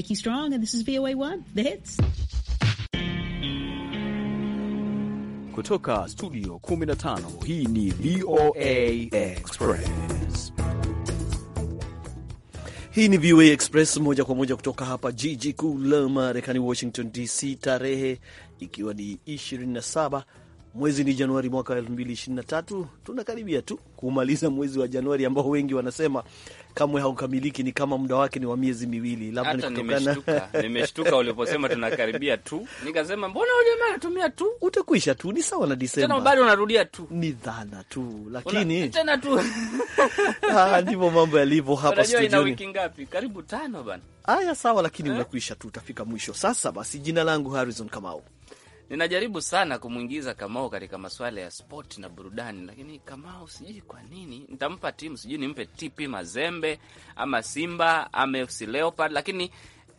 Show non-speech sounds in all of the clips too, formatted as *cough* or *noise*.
Nikki Strong and this is VOA1, The Hits. Kutoka studio 15 hii ni VOA Express. Hii ni VOA Express moja kwa moja kutoka hapa jiji kuu la Marekani Washington DC, tarehe ikiwa ni 27 Mwezi ni Januari mwaka wa tatu. Tunakaribia tu kumaliza mwezi wa Januari ambao wengi wanasema kamwe haukamiliki, ni kama muda wake ni wa miezi miwili. Labda ni kutokana *laughs* nimeshtuka uliposema tunakaribia tu, nikasema mbona jamaa anatumia tu, utakwisha tu, ni sawa na Disemba, tena bado unarudia tu, ni dhana tu, lakini tena tu *laughs* ah, ndivyo mambo yalivyo hapa studio. Ina wiki ngapi? Karibu tano bana. sawa, lakini eh? tu, utafika mwisho. Sasa basi, jina langu Harrison Kamau. Ninajaribu sana kumwingiza Kamau katika masuala ya spoti na burudani, lakini Kamau sijui kwa nini. ntampa timu, sijui nimpe TP Mazembe ama Simba ama FC Leopard, lakini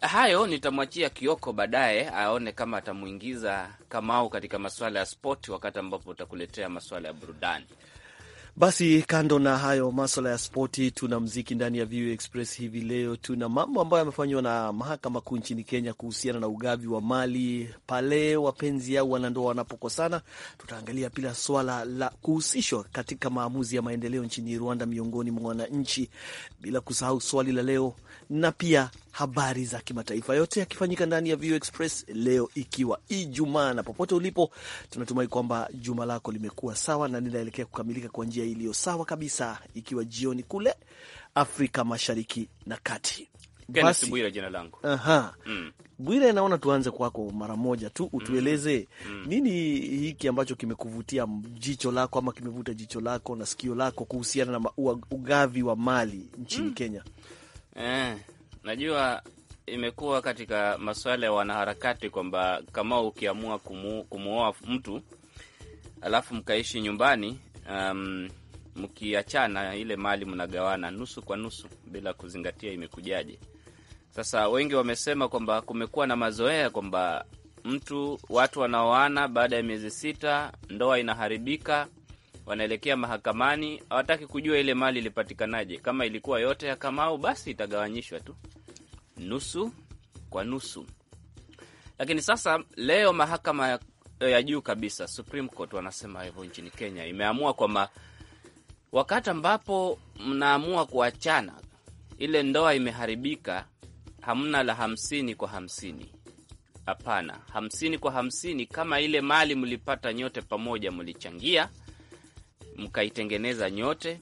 hayo nitamwachia Kioko baadaye aone kama atamwingiza Kamau katika masuala ya spoti wakati ambapo utakuletea masuala ya burudani. Basi kando na hayo maswala ya spoti, tuna mziki ndani ya VOA Express hivi leo. Tuna mambo ambayo yamefanywa na mahakama kuu nchini Kenya kuhusiana na ugavi wa mali pale wapenzi au wanandoa wanapokosana. Tutaangalia pia swala la kuhusishwa katika maamuzi ya maendeleo nchini Rwanda miongoni mwa wananchi, bila kusahau swali la leo na pia habari za kimataifa, yote yakifanyika ndani ya VOA Express leo, ikiwa Ijumaa. Na popote ulipo, tunatumai kwamba juma lako limekuwa sawa na linaelekea kukamilika kwa njia iliyo sawa kabisa, ikiwa jioni kule Afrika Mashariki na Kati. Basi, Bwire jina langu. Aha. Mm. Bwire, naona tuanze kwako mara moja tu mm. utueleze mm. nini hiki ambacho kimekuvutia jicho lako ama kimevuta jicho lako na sikio lako kuhusiana na ugavi wa mali nchini mm. Kenya eh. Najua imekuwa katika masuala ya wanaharakati kwamba kama ukiamua kumu, kumuoa mtu alafu mkaishi nyumbani um, mkiachana ile mali mnagawana nusu kwa nusu bila kuzingatia imekujaje. Sasa wengi wamesema kwamba kumekuwa na mazoea kwamba mtu watu wanaoana baada ya miezi sita ndoa inaharibika, wanaelekea mahakamani, hawataki kujua ile mali ilipatikanaje. Kama ilikuwa yote ya Kamau, basi itagawanyishwa tu nusu kwa nusu. Lakini sasa leo mahakama ya, ya juu kabisa Supreme Court wanasema hivyo nchini Kenya imeamua kwamba wakati ambapo mnaamua kuachana, ile ndoa imeharibika, hamna la hamsini kwa hamsini. Hapana, hamsini kwa hamsini kama ile mali mlipata nyote pamoja, mlichangia mkaitengeneza nyote,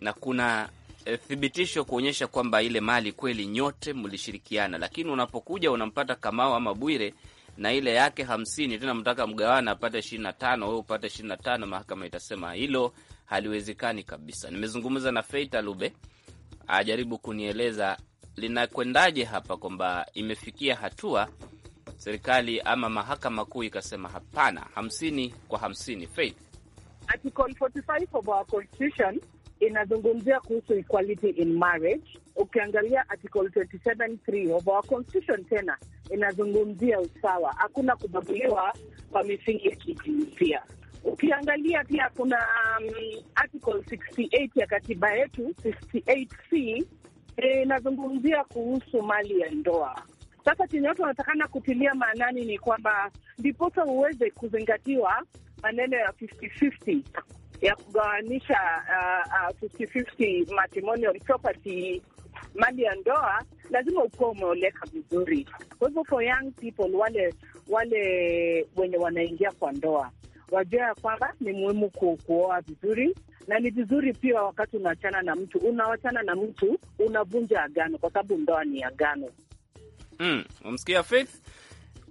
na kuna e, thibitisho kuonyesha kwamba ile mali kweli nyote mlishirikiana. Lakini unapokuja unampata kamao ama Bwire na ile yake hamsini tena mtaka mgawana apate ishirini na tano we upate ishirini na tano mahakama itasema hilo haliwezekani kabisa. Nimezungumza na Feita Lube ajaribu kunieleza linakwendaje hapa, kwamba imefikia hatua serikali ama mahakama kuu ikasema hapana, hamsini kwa hamsini. Faith Article 45 of our constitution inazungumzia kuhusu equality in marriage. Ukiangalia article 27.3 of our constitution tena inazungumzia usawa, hakuna kubaguliwa kwa misingi ya kijinsia. Ukiangalia pia kuna um, article 68 ya katiba yetu 68c e, inazungumzia kuhusu mali ya ndoa. Sasa chenye watu wanatakana kutilia maanani ni kwamba ndiposa uweze kuzingatiwa maneno ya 50-50 ya kugawanisha uh, 50-50 uh, matrimonial property, mali ya ndoa, lazima ukuwa umeoleka vizuri. Kwa hivyo for young people, wale wale wenye wanaingia kwa ndoa wajua ya kwamba ni muhimu kuoa vizuri, na ni vizuri pia wakati unaachana na mtu, unaachana na mtu unavunja agano, kwa sababu ndoa ni agano. Mm, umsikia Faith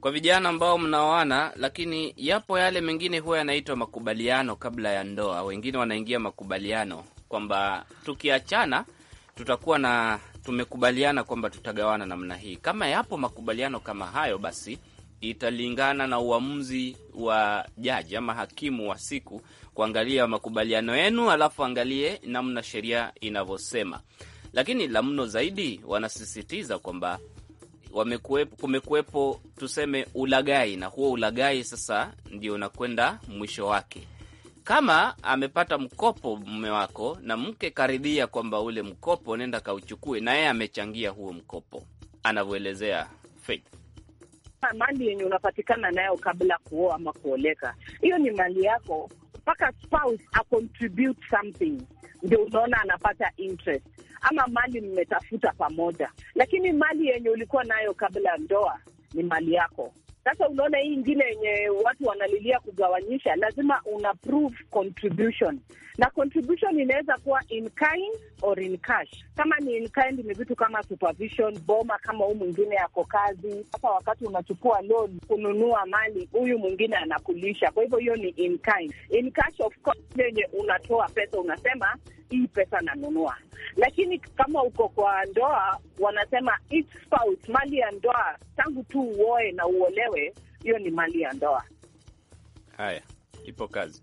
kwa vijana ambao mnaoana, lakini yapo yale mengine huwa yanaitwa makubaliano kabla ya ndoa. Wengine wanaingia makubaliano kwamba tukiachana tutakuwa na tumekubaliana kwamba tutagawana namna hii. Kama yapo makubaliano kama hayo, basi italingana na uamuzi wa jaji ama hakimu wa siku kuangalia makubaliano yenu, alafu angalie namna sheria inavyosema. Lakini la mno zaidi, wanasisitiza kwamba wamekuwepo, kumekuwepo tuseme ulagai, na huo ulagai sasa ndio unakwenda mwisho wake. Kama amepata mkopo mume wako na mke karidhia kwamba ule mkopo nenda kauchukue, na yeye amechangia huo mkopo, anavyoelezea Faith mali yenye unapatikana nayo kabla kuoa ama kuoleka, hiyo ni mali yako mpaka spouse a contribute something, ndio unaona anapata interest ama mali mmetafuta pamoja, lakini mali yenye ulikuwa nayo kabla ya ndoa ni mali yako. Sasa unaona hii ingine yenye watu wanalilia kugawanyisha, lazima una prove contribution, na contribution inaweza kuwa in kind or in cash. Kama ni in kind, ni vitu kama supervision, boma kama huu mwingine yako kazi. Sasa wakati unachukua loan kununua mali, huyu mwingine anakulisha. Kwa hivyo hiyo ni in kind. In cash, of course, yenye unatoa pesa unasema hii pesa nanunua. Lakini kama uko kwa ndoa, wanasema each spouse, mali ya ndoa, tangu tu uoe na uolewe, hiyo ni mali ya ndoa. Haya, ipo kazi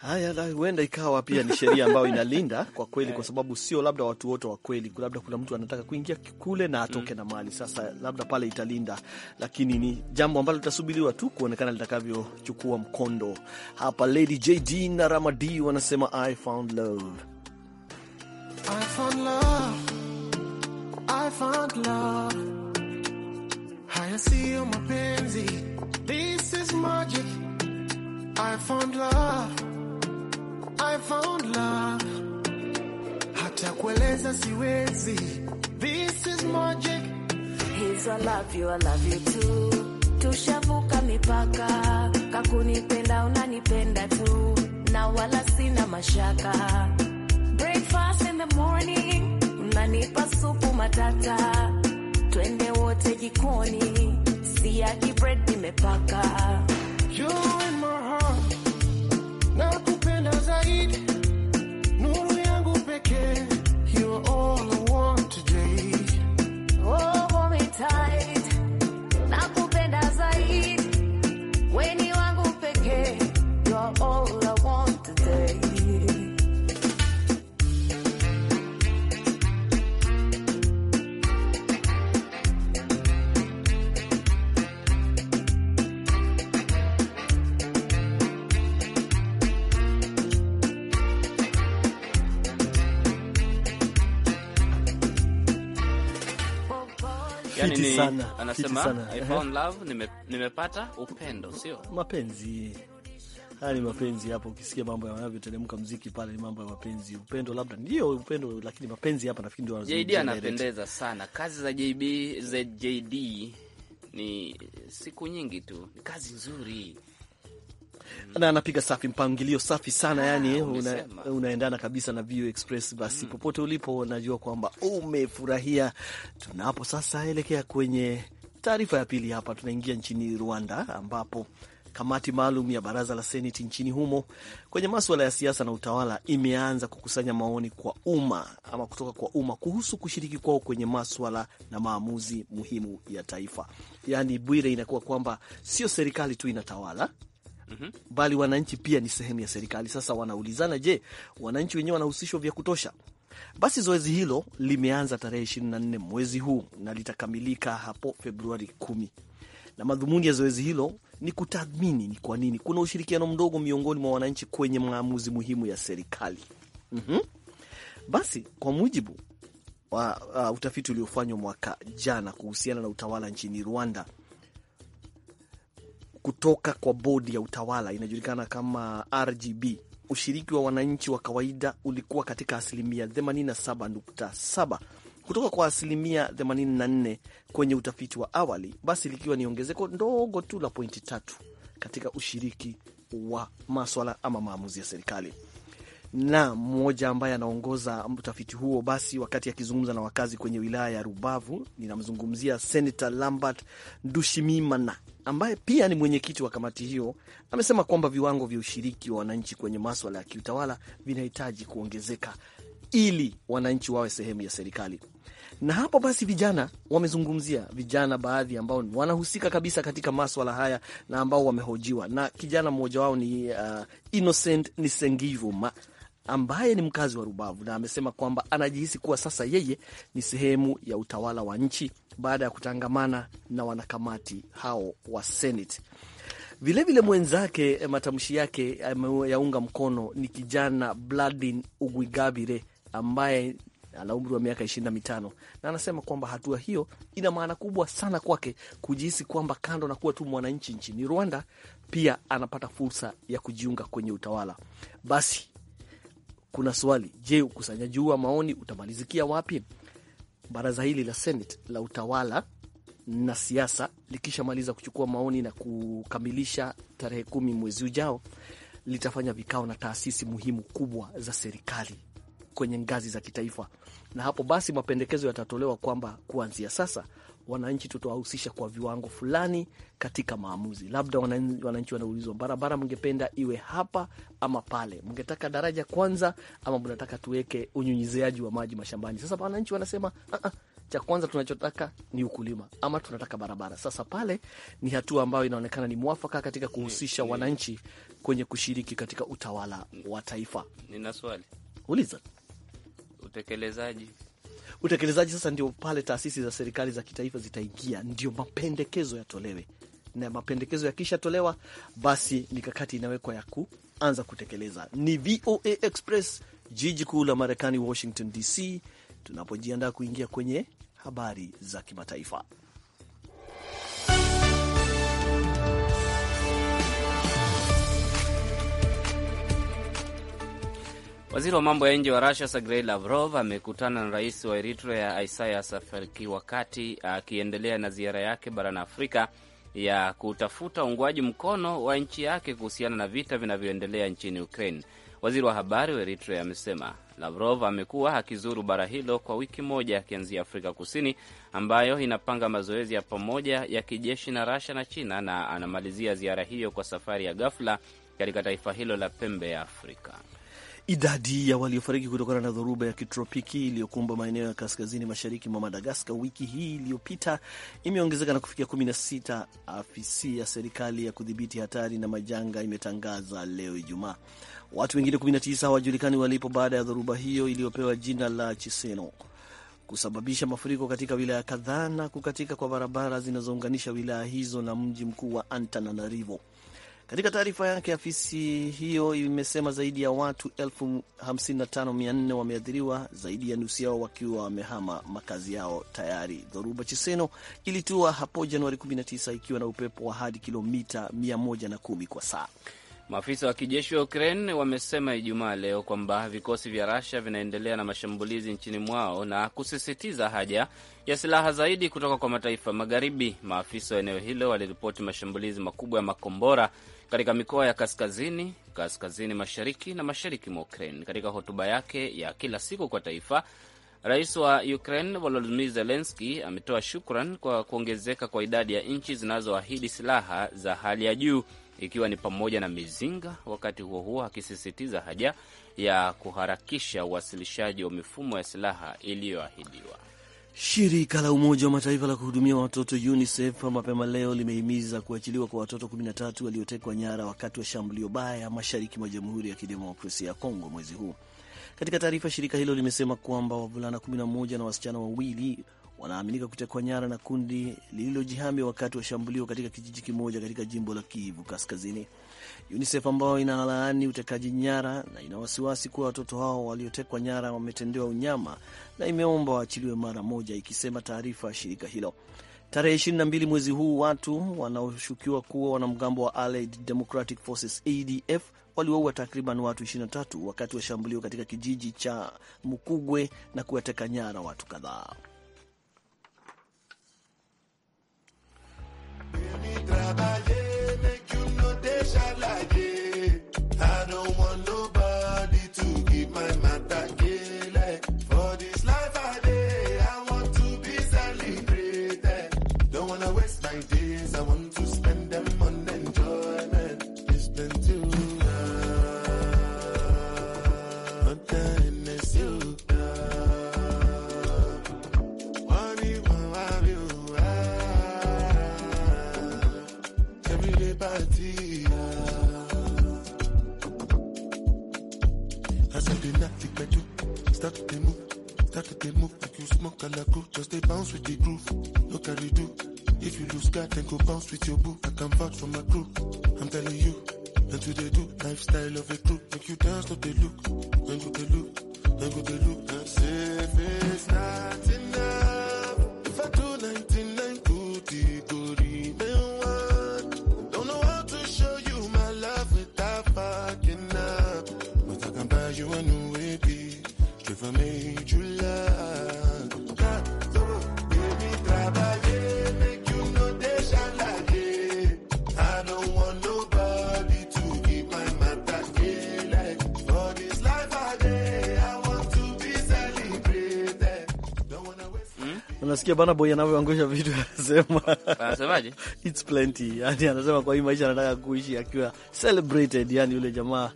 Haya, la huenda ikawa pia ni sheria ambayo inalinda *laughs* kwa kweli, kwa eh. sababu sio labda watu wote wa kweli, labda kuna mtu anataka kuingia kule na atoke mm, na mali sasa, labda pale italinda, lakini ni jambo ambalo litasubiriwa tu kuonekana litakavyochukua mkondo. Hapa Lady JD na Ramadi wanasema I found love. I found love. I found love. Haya siyo mapenzi. This is magic. I found love. I found love. Hata kueleza siwezi. This is magic. He's I love you, I love you too. Tushavuka mipaka, kakunipenda unanipenda tu, na wala sina mashaka. Breakfast in the morning, unanipa supu matata, twende wote jikoni, siagi bread nimepaka. You in my heart. need. sana, anasema sana. I found love, nime, nimepata upendo, sio mapenzi. Haya ni mapenzi hapo, ukisikia mambo yanavyoteremka mziki pale, ni mambo ya mapenzi, upendo, labda ndio upendo, lakini mapenzi hapa nafikiri ndio JD anapendeza sana. Kazi za JB, za JD ni siku nyingi tu, ni kazi nzuri na anapiga safi, mpangilio safi sana yani ah, una, unaendana kabisa na Vio Express. Basi mm, popote ulipo najua kwamba umefurahia. Tunapo sasa elekea kwenye taarifa ya pili, hapa tunaingia nchini Rwanda ambapo kamati maalum ya baraza la seneti nchini humo kwenye maswala ya siasa na utawala imeanza kukusanya maoni kwa umma ama kutoka kwa umma kuhusu kushiriki kwao kwenye maswala na maamuzi muhimu ya taifa. Yaani Bwire, inakuwa kwamba sio serikali tu inatawala, -hmm. bali wananchi pia ni sehemu ya serikali. Sasa wanaulizana, je, wananchi wenyewe wanahusishwa vya kutosha? Basi zoezi hilo limeanza tarehe nne mwezi huu na litakamilika hapo Februari kumi na madhumuni ya zoezi hilo ni kutathmini ni kwa nini kuna ushirikiano mdogo miongoni mwa wananchi kwenye maamuzi muhimu ya serikali. mm -hmm. Basi kwa mujibu wa uh, utafiti uliofanywa mwaka jana kuhusiana na utawala nchini Rwanda kutoka kwa bodi ya utawala inajulikana kama RGB. Ushiriki wa wananchi wa kawaida ulikuwa katika asilimia 87.7 kutoka kwa asilimia 84 kwenye utafiti wa awali, basi likiwa ni ongezeko ndogo tu la pointi tatu katika ushiriki wa maswala ama maamuzi ya serikali na mmoja ambaye anaongoza utafiti huo, basi wakati akizungumza na wakazi kwenye wilaya ya Rubavu, ninamzungumzia Senata Lambert Ndushimimana ambaye pia ni mwenyekiti wa kamati hiyo, amesema kwamba viwango vya ushiriki wa wananchi kwenye maswala ya kiutawala vinahitaji kuongezeka ili wananchi wawe sehemu ya serikali. Na hapo basi, vijana wamezungumzia vijana, baadhi ambao wanahusika kabisa katika maswala haya na ambao wamehojiwa, na kijana mmoja wao ni uh, Innocent Nisengivuma ambaye ni mkazi wa Rubavu na amesema kwamba anajihisi kuwa sasa yeye ni sehemu ya utawala wa nchi baada ya kutangamana na wanakamati hao wa Senate. Vilevile mwenzake, eh, matamshi yake eh, yaunga mkono ni kijana Bladin Ugwigabire ambaye ana umri wa miaka ishirini na mitano na anasema kwamba hatua hiyo ina maana kubwa sana kwake kujihisi kwamba kando na kuwa tu mwananchi nchini Rwanda, pia anapata fursa ya kujiunga kwenye utawala. Basi kuna swali, je, ukusanyaji huu wa maoni utamalizikia wapi? Baraza hili la Senate la utawala na siasa likishamaliza kuchukua maoni na kukamilisha tarehe kumi mwezi ujao, litafanya vikao na taasisi muhimu kubwa za serikali kwenye ngazi za kitaifa, na hapo basi mapendekezo yatatolewa kwamba kuanzia sasa wananchi tutawahusisha kwa viwango fulani katika maamuzi. Labda wananchi wanaulizwa, barabara mngependa iwe hapa ama pale, mngetaka daraja kwanza ama mnataka tuweke unyunyiziaji wa maji mashambani. Sasa wananchi wanasema -ah, ah cha kwanza tunachotaka ni ukulima ama tunataka barabara. Sasa pale ni hatua ambayo inaonekana ni mwafaka katika kuhusisha wananchi kwenye kushiriki katika utawala wa taifa. Nina swali, uliza. Utekelezaji Utekelezaji sasa ndio pale taasisi za serikali za kitaifa zitaingia, ndio mapendekezo yatolewe, na mapendekezo yakishatolewa, basi mikakati inawekwa ya kuanza kutekeleza. Ni VOA Express, jiji kuu la Marekani, Washington DC, tunapojiandaa kuingia kwenye habari za kimataifa. Waziri wa mambo ya nje wa Rusia Sergei Lavrov amekutana na rais wa Eritrea Isaias Afwerki wakati akiendelea na ziara yake barani Afrika ya kutafuta uungwaji mkono wa nchi yake kuhusiana na vita vinavyoendelea nchini Ukraine. Waziri wa habari wa Eritrea amesema Lavrov amekuwa akizuru bara hilo kwa wiki moja akianzia Afrika Kusini, ambayo inapanga mazoezi ya pamoja ya kijeshi na Rasha na China, na anamalizia ziara hiyo kwa safari ya ghafla katika taifa hilo la pembe ya Afrika. Idadi ya waliofariki kutokana na dhoruba ya kitropiki iliyokumba maeneo ya kaskazini mashariki mwa Madagaskar wiki hii iliyopita imeongezeka na kufikia 16, afisi ya serikali ya kudhibiti hatari na majanga imetangaza leo Ijumaa. Watu wengine 19 hawajulikani walipo baada ya dhoruba hiyo iliyopewa jina la Chiseno kusababisha mafuriko katika wilaya kadhaa na kukatika kwa barabara zinazounganisha wilaya hizo na mji mkuu wa Antananarivo. Katika taarifa yake, afisi hiyo imesema zaidi ya watu 554 wameathiriwa, zaidi ya nusu yao wakiwa wamehama makazi yao tayari. Dhoruba Chiseno ilitua hapo Januari 19 ikiwa na upepo wa hadi kilomita 110 kwa saa. Maafisa wa kijeshi wa Ukraine wamesema Ijumaa leo kwamba vikosi vya Russia vinaendelea na mashambulizi nchini mwao na kusisitiza haja ya silaha zaidi kutoka kwa mataifa magharibi. Maafisa wa eneo hilo waliripoti mashambulizi makubwa ya makombora katika mikoa ya kaskazini, kaskazini mashariki na mashariki mwa Ukraine. Katika hotuba yake ya kila siku kwa taifa, rais wa Ukraine Volodymyr Zelensky ametoa shukran kwa kuongezeka kwa idadi ya nchi zinazoahidi silaha za hali ya juu ikiwa ni pamoja na mizinga, wakati huo huo akisisitiza haja ya kuharakisha uwasilishaji wa mifumo ya silaha iliyoahidiwa. Shirika la Umoja wa Mataifa la kuhudumia watoto UNICEF mapema leo limehimiza kuachiliwa kwa watoto 13 waliotekwa nyara wakati wa shambulio baya mashariki mwa Jamhuri ya Kidemokrasia ya Kongo mwezi huu. Katika taarifa, shirika hilo limesema kwamba wavulana 11 na wasichana wawili wanaaminika kutekwa nyara na kundi lililojihami wakati wa shambulio katika kijiji kimoja katika jimbo la Kivu Kaskazini. UNICEF ambayo inalaani utekaji nyara na ina wasiwasi kuwa watoto hao waliotekwa nyara wametendewa unyama na imeomba waachiliwe mara moja, ikisema taarifa ya shirika hilo. Tarehe 22 mwezi huu watu wanaoshukiwa kuwa wanamgambo wa Allied Democratic Forces ADF waliwaua takriban watu 23 wakati wa shambulio katika kijiji cha Mukugwe na kuwateka nyara watu kadhaa. Msikie Bana Boy anavyoangusha vitu, anasema anasemaje? *laughs* It's plenty, yani anasema kwa hii maisha anataka kuishi akiwa celebrated, yani yule jamaa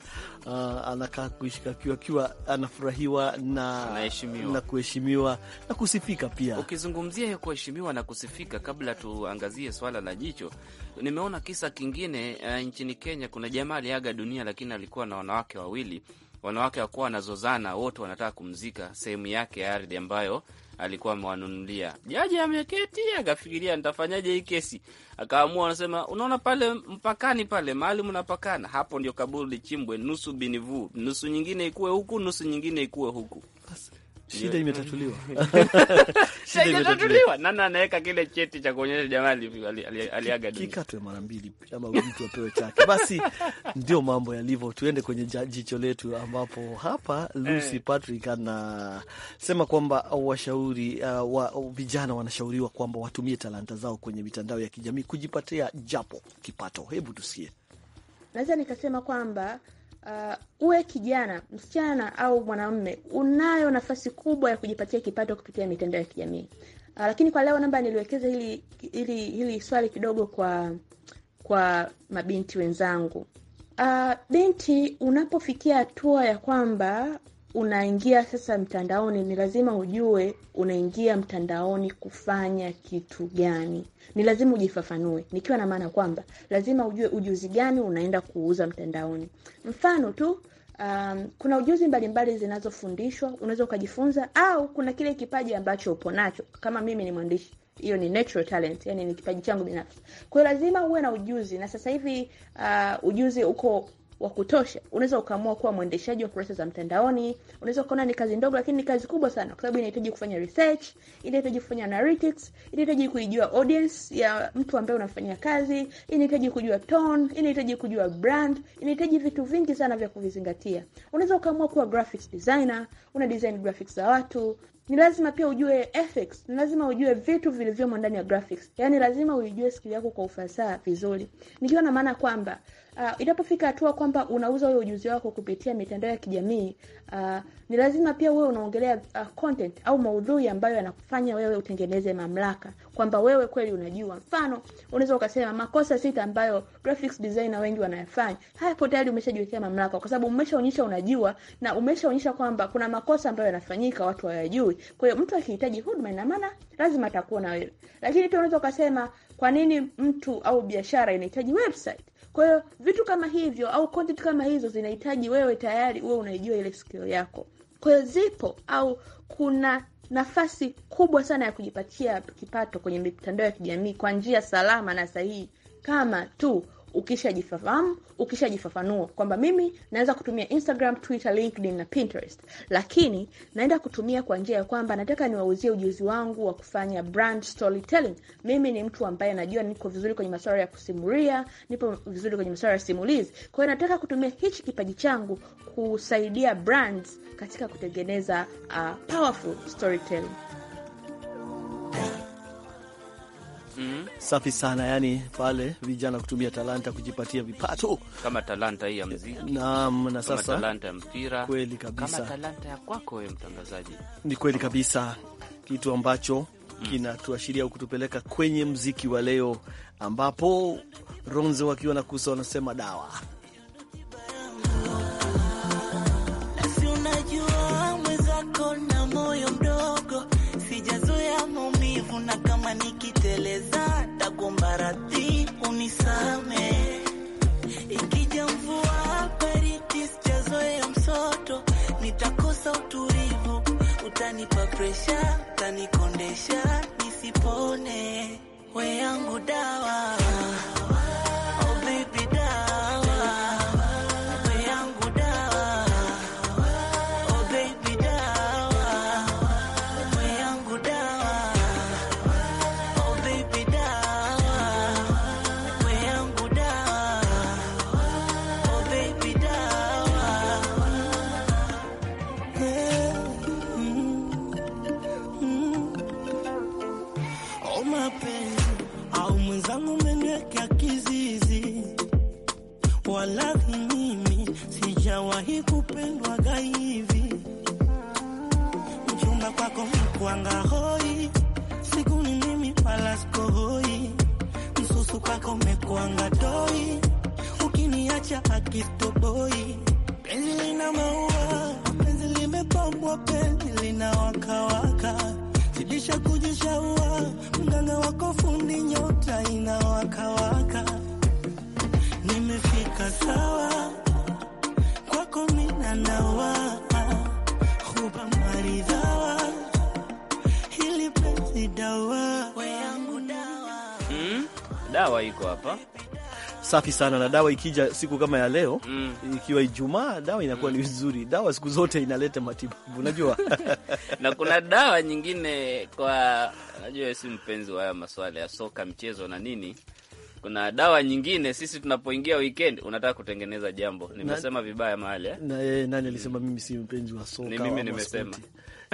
Uh, anakaa akiwa anafurahiwa na na kuheshimiwa na kusifika pia. Ukizungumzia kuheshimiwa na kusifika, kabla tuangazie swala la jicho, nimeona kisa kingine uh, nchini Kenya kuna jamaa aliaga dunia, lakini alikuwa na wanawake wawili, wanawake wakuwa wanazozana, wote wanataka kumzika sehemu yake ya ardhi ambayo alikuwa amewanunulia. Jaji ameketi akafikiria, nitafanyaje hii kesi? Akaamua, anasema unaona, pale mpakani pale mahali mnapakana, hapo ndio kaburi lichimbwe, nusu binivu, nusu nyingine ikuwe huku, nusu nyingine ikuwe huku. *laughs* shida imetatuliwa. shida imetatuliwa. Nani anaweka kile cheti cha kuonyesha jamaa aliaga dunia? Kikatwe mara mbili ama mtu apewe chake. Basi ndio mambo yalivyo. Tuende kwenye jicho letu, ambapo hapa Lucy eh. Patrick anasema kwamba washauri uh, wa vijana wanashauriwa kwamba watumie talanta zao kwenye mitandao ya kijamii kujipatia japo kipato. Hebu tusikie. Naweza nikasema kwamba uh, uwe kijana msichana au mwanamume, unayo nafasi kubwa ya kujipatia kipato kupitia mitandao ya kijamii uh, lakini kwa leo namba niliwekeza hili, hili, hili swali kidogo kwa kwa mabinti wenzangu. Uh, binti, unapofikia hatua ya kwamba unaingia sasa mtandaoni, ni lazima ujue unaingia mtandaoni kufanya kitu gani. Ni lazima ujifafanue, nikiwa na maana kwamba lazima ujue ujuzi gani unaenda kuuza mtandaoni. Mfano tu um, kuna ujuzi mbalimbali zinazofundishwa, unaweza ukajifunza, au kuna kile kipaji ambacho upo nacho. Kama mimi ni mwandishi hiyo ni natural talent, yani ni kipaji changu binafsi. Kwa hiyo lazima uwe na ujuzi, na sasa hivi uh, ujuzi uko wa kutosha, unaweza ukaamua kuwa mwendeshaji wa kurasa za mtandaoni. Unaweza ukaona ni kazi ndogo, lakini ni kazi kubwa sana, kwa sababu inahitaji kufanya research, inahitaji kufanya analytics, inahitaji kuijua audience ya mtu ambaye unafanya kazi, inahitaji kujua tone, inahitaji kujua brand, inahitaji vitu vingi sana vya kuvizingatia. Unaweza ukaamua kuwa graphics designer, una design graphics za watu ni lazima pia ujue ethics, ni lazima ujue vitu vilivyomo ndani ya graphics. Yaani lazima uijue skili yako kwa ufasaha vizuri, nikiwa na maana kwamba Uh, inapofika hatua kwamba unauza ule ujuzi wako kupitia mitandao ya kijamii uh, ni lazima pia wewe unaongelea uh, content au maudhui ambayo yanakufanya wewe utengeneze mamlaka kwamba wewe kweli unajua. Mfano, unaweza ukasema makosa sita ambayo graphics designer wengi wanayafanya. Hapo tayari umeshajiwekea mamlaka, kwa sababu umeshaonyesha unajua na umeshaonyesha kwamba kuna makosa ambayo yanafanyika watu hawajui. Kwa hiyo mtu akihitaji huduma, ina maana lazima atakuwa na wewe. Lakini pia unaweza ukasema, kwa nini mtu au biashara inahitaji website? Kwa hiyo vitu kama hivyo au content kama hizo zinahitaji wewe tayari uwe unaijua ile skill yako. Kwa hiyo zipo au kuna nafasi kubwa sana ya kujipatia kipato kwenye mitandao ya kijamii kwa njia salama na sahihi, kama tu ukishajifahamu, ukishajifafanua kwamba mimi naweza kutumia Instagram, Twitter, LinkedIn na Pinterest, lakini naenda kutumia kwa njia ya kwamba nataka niwauzie ujuzi wangu wa kufanya brand storytelling. Mimi ni mtu ambaye najua niko vizuri kwenye masuala ya kusimulia, nipo vizuri kwenye masuala ya simulizi. Kwa hiyo nataka kutumia hichi kipaji changu kusaidia brands katika kutengeneza uh, powerful storytelling. Safi sana, yani pale vijana kutumia talanta kujipatia vipato kama talanta hii ya muziki. Naam, na sasa kama talanta ya mpira. Kweli kabisa. Kama talanta ya kwako wewe mtangazaji. Ni kweli kabisa kitu ambacho mm. kinatuashiria kutupeleka kwenye mziki wa leo ambapo Ronzo wakiwa na kusa wanasema dawa na moyo mdogo sijazoea maumivu na Maradhi unisame, ikija mvua baridi, sijazoea msoto, nitakosa utulivu, utanipa presha, utanikondesha nisipone, we yangu dawa Manga hoi siku ni mimi palasko hoi msusu kwako mekwanga toi ukiniacha akistoboi dawa iko hapa safi sana, na dawa ikija siku kama ya leo mm. ikiwa Ijumaa, dawa inakuwa mm. ni vizuri. Dawa siku zote inaleta matibabu, unajua *laughs* na kuna dawa nyingine kwa, najua si mpenzi wa haya maswala ya soka, mchezo na nini kuna dawa nyingine sisi tunapoingia weekend, unataka kutengeneza jambo. Nimesema vibaya mahali eh? Na e, nani alisema mimi si mpenzi wa soka? Ni mimi nimesema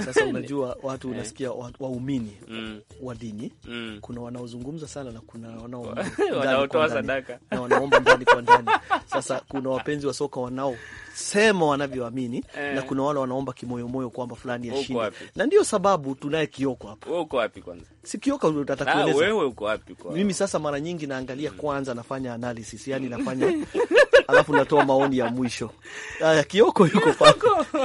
sasa *laughs* unajua watu eh. unasikia waumini mm. wa dini mm. kuna wanaozungumza sana na kuna *laughs* wanaotoa sadaka na wanaomba ndani kwa ndani. Sasa kuna wapenzi wa soka wanao sema wanavyoamini eh. na kuna wale wanaomba kimoyomoyo kwamba fulani ashinde, na ndio sababu tunaye Kioko hapa. Wewe uko wapi kwanza? Si Kioko utatakueleza ah, wewe uko wapi kwa mimi. Sasa mara nyingi naangalia kwanza, nafanya analysis yani nafanya *laughs* alafu natoa maoni ya mwisho. Aya, Kioko yuko pale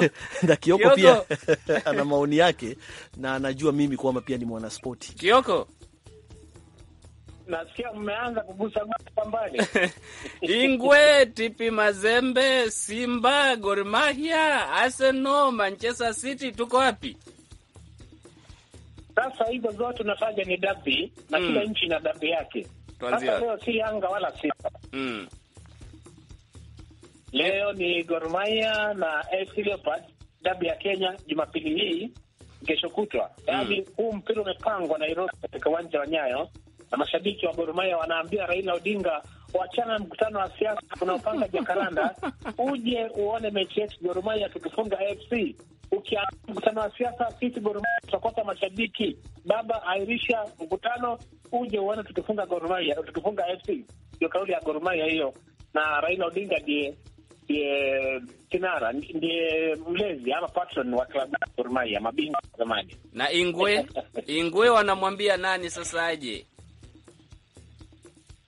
*laughs* na Kioko pia *laughs* ana maoni yake na anajua mimi kwamba pia ni mwanaspoti. Kioko, nasikia mmeanza kugusa pambani *laughs* Ingwe, Tipi Mazembe, Simba, Gor Mahia, Arsenal, Manchester City, tuko wapi? Sasa hizo zote unataja ni dabi na mm. kila mm. nchi na dabi yake. Sasa leo si Yanga wala Simba mm. Leo ni Gor Mahia na AFC Leopards, dabi ya Kenya, Jumapili hii kesho kutwa. Yaani mm. huu mpira umepangwa Nairobi katika uwanja wa Nyayo, na mashabiki wa Gor Mahia wanaambia Raila Odinga wachana na mkutano wa siasa unaopanga Jakaranda, *laughs* uje uone mechi yetu Gor Mahia tukifunga AFC. Ukiaa mkutano wa siasa, sisi Gor Mahia tutakosa mashabiki. Baba airisha mkutano, uje uone tukifunga Gor Mahia, tukifunga AFC. Ndio kauli ya Gor Mahia hiyo, na Raila Odinga ndiye kinara, ndiye mlezi ama patron wa klabu ya Gor Mahia, mabingwa zamani. Na Ingwe Ingwe wanamwambia nani sasa aje?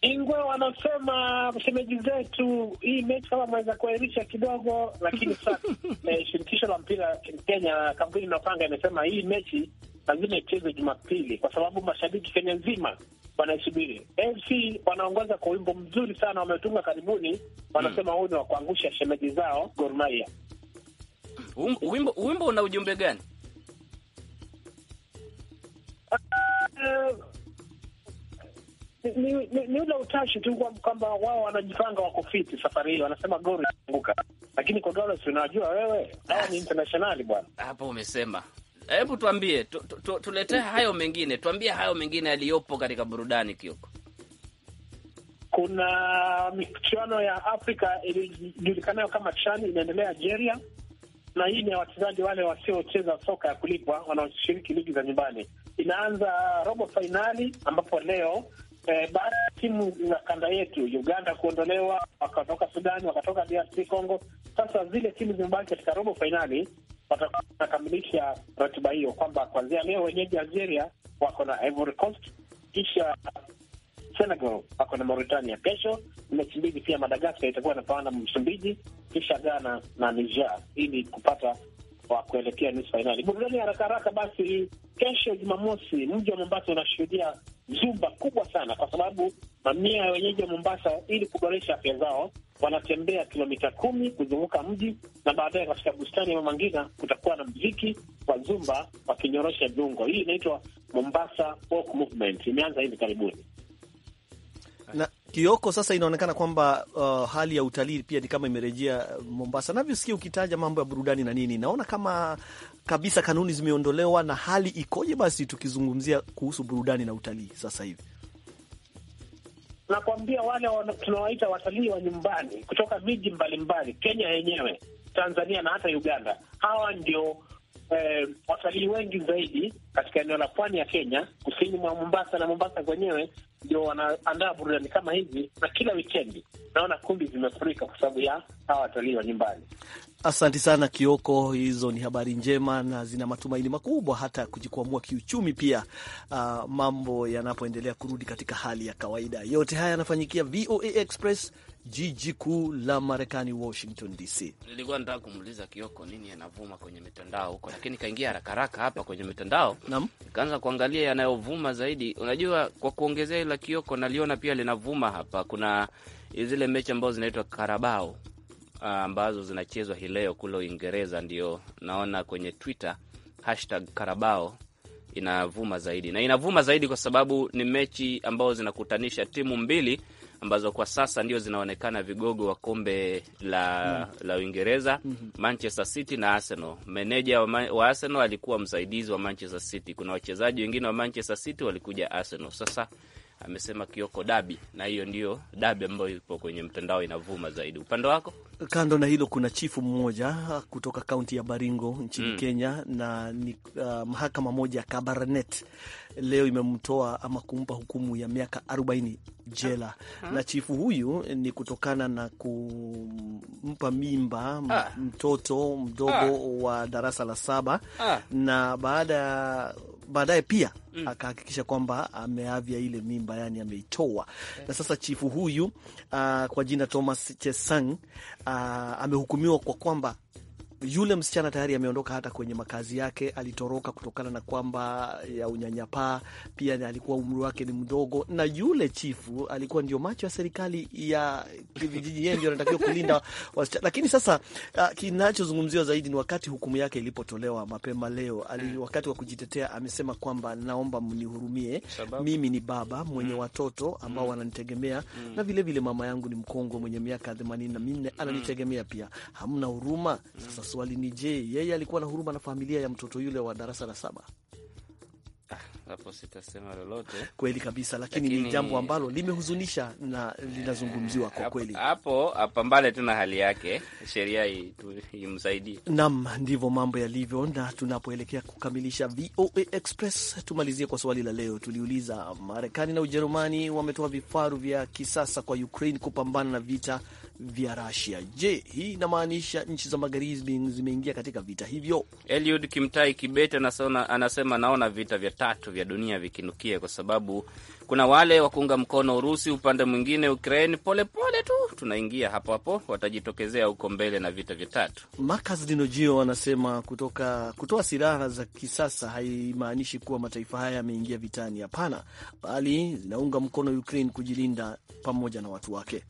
Ingwe wanasema shemeji zetu, hii mechi kama mweza kuairisha kidogo, lakini sasa *laughs* eh, shirikisho la mpira Kenya, kampuni inayopanga imesema hii mechi lazima ichezwe Jumapili kwa sababu mashabiki Kenya nzima wanaisubiri. AFC wanaongoza kwa wimbo mzuri sana wametunga karibuni, wanasema hmm. huu ni wa kuangusha shemeji zao Gor Mahia. Wimbo wimbo una ujumbe gani? Ni, ni, ni ule utashi tu kwamba wao wanajipanga, wako fiti safari hii, wanasema Gor inaanguka, lakini kwa si unajua wewe, hawa ni ah. internationali bwana. Hapo umesema Hebu tuambie tu, tu, tu, tuletee hayo mengine, tuambie hayo mengine yaliyopo katika burudani Kioko. Kuna michuano ya Afrika ilijulikanayo kama CHAN inaendelea Algeria, na hii ni ya wachezaji wale wasiocheza soka ya kulipwa wanaoshiriki ligi za nyumbani. Inaanza robo fainali ambapo leo eh, baada ya timu za kanda yetu Uganda kuondolewa, wakatoka Sudani, wakatoka DRC Congo. Sasa zile timu zimebaki katika robo fainali watakamilisha ratiba hiyo, kwamba kuanzia leo wenyeji Algeria wako na Ivory Coast, kisha Senegal wako na Mauritania. Kesho mechi mbili pia, Madagaskar itakuwa inapaana Msumbiji, kisha Ghana na Niger ili kupata wa kuelekea nusu fainali. Burudani haraka haraka basi, kesho Jumamosi mji wa Mombasa unashuhudia zumba kubwa sana, kwa sababu mamia ya wenyeji wa Mombasa ili kuboresha afya zao wanatembea kilomita kumi kuzunguka mji, na baadaye katika bustani ya Mamangina kutakuwa na mziki wa zumba wakinyorosha viungo. Hii inaitwa Mombasa Folk Movement, imeanza hivi karibuni na Kioko, sasa inaonekana kwamba uh, hali ya utalii pia ni kama imerejea uh, Mombasa. Navyosikia ukitaja mambo ya burudani na nini, naona kama kabisa kanuni zimeondolewa. Na hali ikoje basi tukizungumzia kuhusu burudani na utalii sasa hivi? Nakwambia wale tunawaita watalii wa nyumbani kutoka miji mbalimbali Kenya yenyewe, Tanzania na hata Uganda, hawa ndio eh, watalii wengi zaidi katika eneo la pwani ya Kenya, kusini mwa Mombasa na Mombasa kwenyewe ndio wanaandaa burudani kama hizi, na kila wikendi naona kumbi zimefurika kwa sababu ya hawa watalii wa nyumbani. Asanti sana Kioko, hizo ni habari njema na zina matumaini makubwa hata kujikwamua kiuchumi pia, uh, mambo yanapoendelea kurudi katika hali ya kawaida. Yote haya yanafanyikia VOA Express, jiji kuu la Marekani, Washington DC. Nilikuwa nataka kumuuliza Kioko nini yanavuma kwenye mitandao huko, lakini kaingia haraka haraka hapa kwenye mitandao, nam, nikaanza kuangalia yanayovuma zaidi. Unajua, kwa kuongezea ila Kioko, naliona pia linavuma hapa, kuna zile mechi ambazo zinaitwa Karabao Uh, ambazo zinachezwa hii leo kule Uingereza, ndio naona kwenye Twitter hashtag Karabao inavuma zaidi, na inavuma zaidi kwa sababu ni mechi ambazo zinakutanisha timu mbili ambazo kwa sasa ndio zinaonekana vigogo wa kombe la mm. la Uingereza mm -hmm. Manchester City na Arsenal. Meneja wa, wa Arsenal alikuwa msaidizi wa Manchester City. Kuna wachezaji wengine wa Manchester City walikuja Arsenal. Sasa amesema Kioko dabi, na hiyo ndio dabi ambayo ipo kwenye mtandao inavuma zaidi. Upande wako, kando na hilo, kuna chifu mmoja kutoka kaunti ya Baringo nchini mm. Kenya, na ni uh, mahakama moja ya Kabarnet leo imemtoa ama kumpa hukumu ya miaka 40 jela ha. Ah. na chifu huyu ni kutokana na kumpa mimba ha. Ah. mtoto mdogo ha. Ah. wa darasa la saba ha. na baada baadaye pia mm. akahakikisha kwamba ameavya ile mimba, yani ameitoa mm. Na sasa chifu huyu uh, kwa jina Thomas Chesang uh, amehukumiwa kwa kwamba yule msichana tayari ameondoka hata kwenye makazi yake, alitoroka kutokana na kwamba ya unyanyapaa. Pia alikuwa umri wake ni mdogo, na yule chifu alikuwa ndio macho ya serikali ya vijiji, yeye ndio anatakiwa kulinda *laughs* wasichana. Lakini sasa uh, kinachozungumziwa zaidi ni wakati hukumu yake ilipotolewa mapema leo ali, hmm. wakati wa kujitetea amesema kwamba naomba mnihurumie, mimi ni baba mwenye hmm. watoto ambao hmm. wananitegemea mm. na vilevile vile mama yangu ni mkongwe mwenye miaka themanini na minne ananitegemea pia, hamna huruma sasa swali ni je, yeye alikuwa na huruma na familia ya mtoto yule wa darasa la saba? Ah, hapo sitasema lolote kweli kabisa, lakini, lakini ni jambo ambalo limehuzunisha na linazungumziwa kwa kweli. Hapo apambane tu na hali yake, sheria imsaidie. Naam, ndivyo mambo yalivyo, na tunapoelekea kukamilisha VOA Express, tumalizie kwa swali la leo. Tuliuliza, Marekani na Ujerumani wametoa vifaru vya kisasa kwa Ukraine kupambana na vita vya Rasia. Je, hii inamaanisha nchi za magharibi zimeingia katika vita hivyo? Eliud Kimtai Kibet anasema, anasema naona vita vya tatu vya dunia vikinukia, kwa sababu kuna wale wa kuunga mkono Urusi, upande mwingine Ukraine. Polepole tu tunaingia hapo hapo, watajitokezea huko mbele na vita vya tatu. Marcus Dinojio anasema kutoka kutoa silaha za kisasa haimaanishi kuwa mataifa haya yameingia vitani, hapana, bali zinaunga mkono Ukraine kujilinda pamoja na watu wake.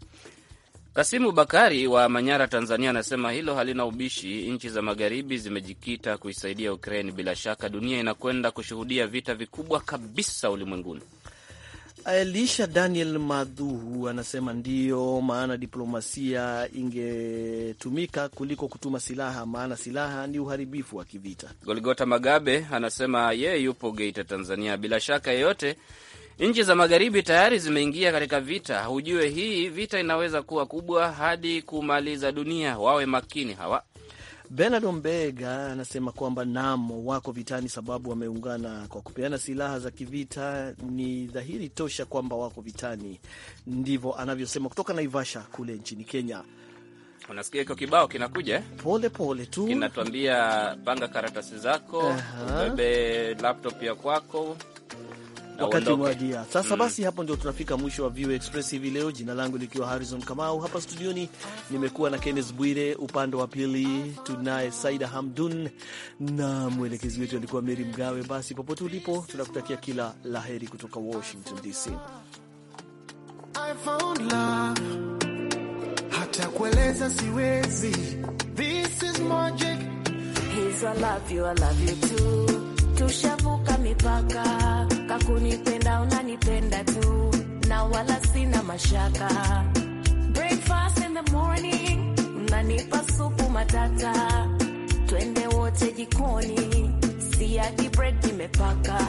Kasimu Bakari wa Manyara, Tanzania, anasema hilo halina ubishi. Nchi za magharibi zimejikita kuisaidia ukrain Bila shaka, dunia inakwenda kushuhudia vita vikubwa kabisa ulimwenguni. Elisha Daniel Madhuhu anasema ndiyo maana diplomasia ingetumika kuliko kutuma silaha, maana silaha ni uharibifu wa kivita. Golgota Magabe anasema yeye yupo Geita, Tanzania. Bila shaka yeyote Nchi za magharibi tayari zimeingia katika vita. Hujue hii vita inaweza kuwa kubwa hadi kumaliza dunia. Wawe makini hawa. Benard Ombega anasema kwamba namo wako vitani, sababu wameungana kwa kupeana silaha za kivita. Ni dhahiri tosha kwamba wako vitani, ndivyo anavyosema kutoka Naivasha kule nchini Kenya. Unasikia hiko kibao kinakuja eh? pole pole tu, kinatuambia panga karatasi zako, ubebe laptop ya kwako wakati umewadia sasa. Mm. Basi hapo ndio tunafika mwisho wa View Express hivi leo, jina langu likiwa Harrison Kamau. Hapa studioni nimekuwa na Kenneth Bwire, upande wa pili tunaye Saida Hamdun na mwelekezi wetu alikuwa Meri Mgawe. Basi popote ulipo, tunakutakia kila la heri kutoka Washington DC. I found love. Hata kueleza siwezi. This is magic. He's I love you, I love you too. Tushavuka mipaka kunipenda unanipenda tu, na wala sina mashaka. Breakfast in the morning, unanipa supu matata, twende wote jikoni, siagi bread nimepaka